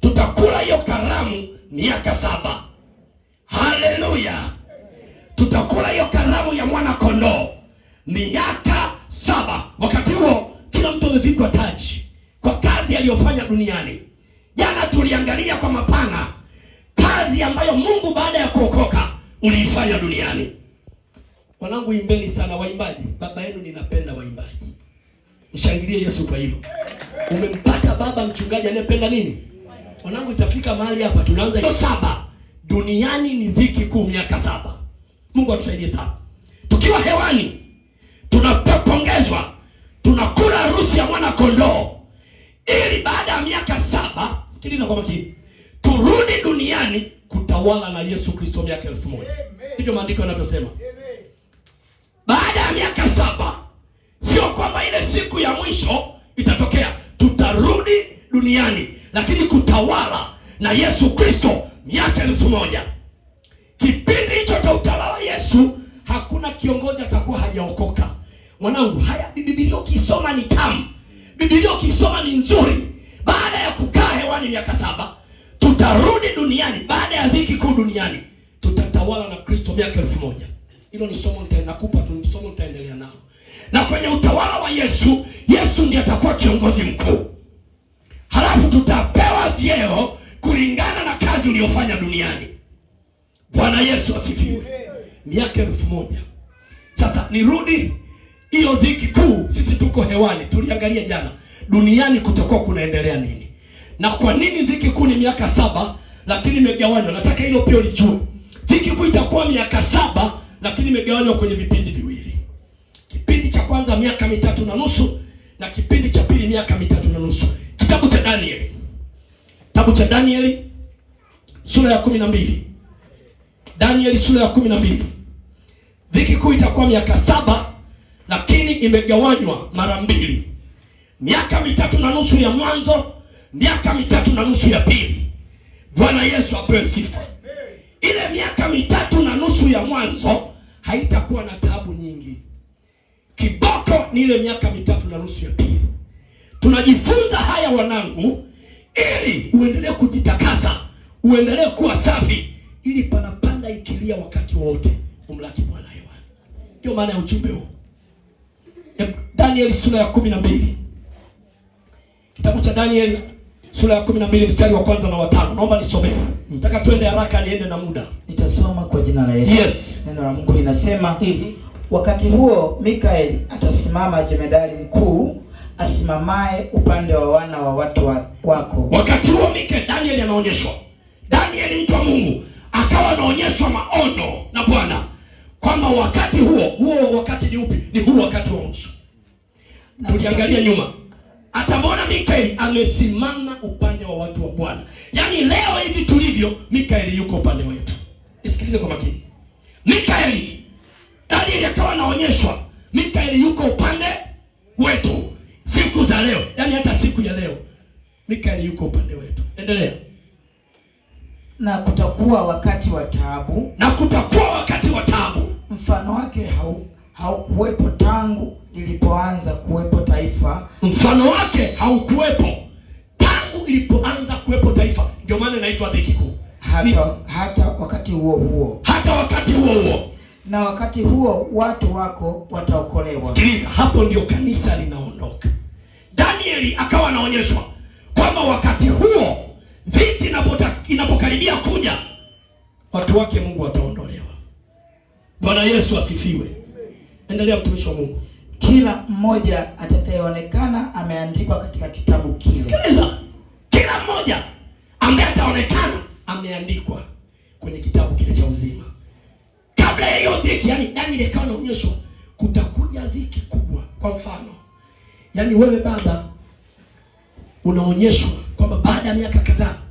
tutakula hiyo karamu miaka saba. Haleluya! tutakula hiyo karamu ya mwana kondoo miaka saba. Wakati huo kila mtu amevikwa taji kwa kazi aliyofanya duniani. Jana tuliangalia kwa mapana kazi ambayo Mungu baada ya kuokoka uliifanya duniani. Wanangu, imbeni sana waimbaji. Baba yenu ninapenda waimbaji, mshangilie Yesu kwa hilo. Umempata baba mchungaji anayependa nini? mwanangu, itafika mahali hapa tunaanza hiyo saba. Duniani ni dhiki kuu miaka saba. Mungu atusaidie sana. Tukiwa hewani tunapopongezwa, tunakula harusi ya mwana kondoo, ili baada ya miaka saba, sikiliza kwa makini, turudi duniani kutawala na Yesu Kristo miaka elfu moja. Ndivyo maandiko yanavyosema. Baada ya miaka saba, sio kwamba ile siku ya mwisho itatokea, tutarudi duniani, lakini kutawala na Yesu Kristo miaka elfu moja. Kipindi hicho cha utawala wa Yesu hakuna kiongozi atakuwa hajaokoka. Mwanangu, haya Biblia ukisoma ni tamu, Biblia ukisoma ni nzuri. Baada ya kukaa hewani miaka saba, tutarudi duniani baada ya dhiki kuu duniani, tutatawala na Kristo miaka elfu moja. Hilo ni somo nitakupa tu, somo nitaendelea nao, na kwenye utawala wa Yesu, Yesu ndiye atakuwa kiongozi mkuu halafu tutapewa vyeo kulingana na kazi uliyofanya duniani. Bwana Yesu asifiwe. Miaka elfu moja sasa nirudi hiyo dhiki kuu. Sisi tuko hewani, tuliangalia jana duniani kutakuwa kunaendelea nini na kwa nini dhiki kuu ni miaka saba lakini imegawanywa. Nataka hilo pia lijue, dhiki kuu itakuwa miaka saba lakini imegawanywa kwenye vipindi viwili, kipindi cha kwanza miaka mitatu na nusu na kipindi cha pili miaka mitatu na nusu kitabu cha Danieli sura ya kumi na mbili Danieli sura ya kumi na mbili Dhiki kuu itakuwa miaka saba, lakini imegawanywa mara mbili, miaka mitatu na nusu ya mwanzo, miaka mitatu na nusu ya pili. Bwana Yesu apewe sifa. Ile miaka mitatu na nusu ya mwanzo haitakuwa na taabu nyingi. Kiboko ni ile miaka mitatu na nusu ya pili. Tunajifunza haya wanangu, ili uendelee kujitakasa, uendelee kuwa safi, ili panapanda ikilia wakati wote umlaki Bwana hewani. Ndio maana ya ujumbe huu. Danieli sura ya kumi na mbili kitabu cha Danieli sura ya kumi na mbili mstari wa kwanza na watano. Naomba nisomee, nataka twende haraka, niende na muda. Nitasoma kwa jina la Yesu. Yes. Neno la Mungu linasema mm -hmm. Wakati huo Mikaeli atasimama jemedari mkuu asimamaye upande wa wana wa watu wa, wako. Wakati huo Mike Danieli anaonyeshwa, Danieli mtu wa Mungu akawa anaonyeshwa maono na Bwana kwamba wakati huo huo, wakati ni upi? Ni huu wakati wa mwisho. Tuliangalia nyuma, atamwona Mikaeli amesimama upande wa watu wa Bwana. Yaani leo hivi tulivyo, Mikaeli yuko upande wetu. Nisikilize kwa makini, Mikaeli, Danieli akawa anaonyeshwa Mikaeli yuko upande wetu za leo, yaani hata siku ya leo. Mikaeli yuko upande wetu. Endelea. Na kutakuwa wakati wa taabu, na kutakuwa wakati wa taabu, mfano wake hau haukuwepo tangu lilipoanza kuwepo taifa, mfano wake haukuwepo tangu ilipoanza kuwepo taifa. Ndio maana inaitwa dhiki kuu. Hata, hata wakati huo huo, hata wakati huo huo na wakati huo watu wako wataokolewa. Sikiliza, hapo ndio kanisa linaondoka. Danieli akawa anaonyeshwa kwamba wakati huo dhiki inapokaribia kuja, watu wake Mungu wataondolewa. Bwana Yesu asifiwe. Endelea mtumishi wa Mungu. Kila mmoja atakayeonekana ameandikwa katika kitabu kile. Sikiliza, kila mmoja ambaye ataonekana ameandikwa kwenye kitabu kile cha uzima. Kabla ya hiyo dhiki, yani Danieli akawa anaonyeshwa kutakuja dhiki kubwa. Kwa mfano Yaani wewe baba unaonyeshwa kwamba baada ya miaka kadhaa